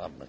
Amen.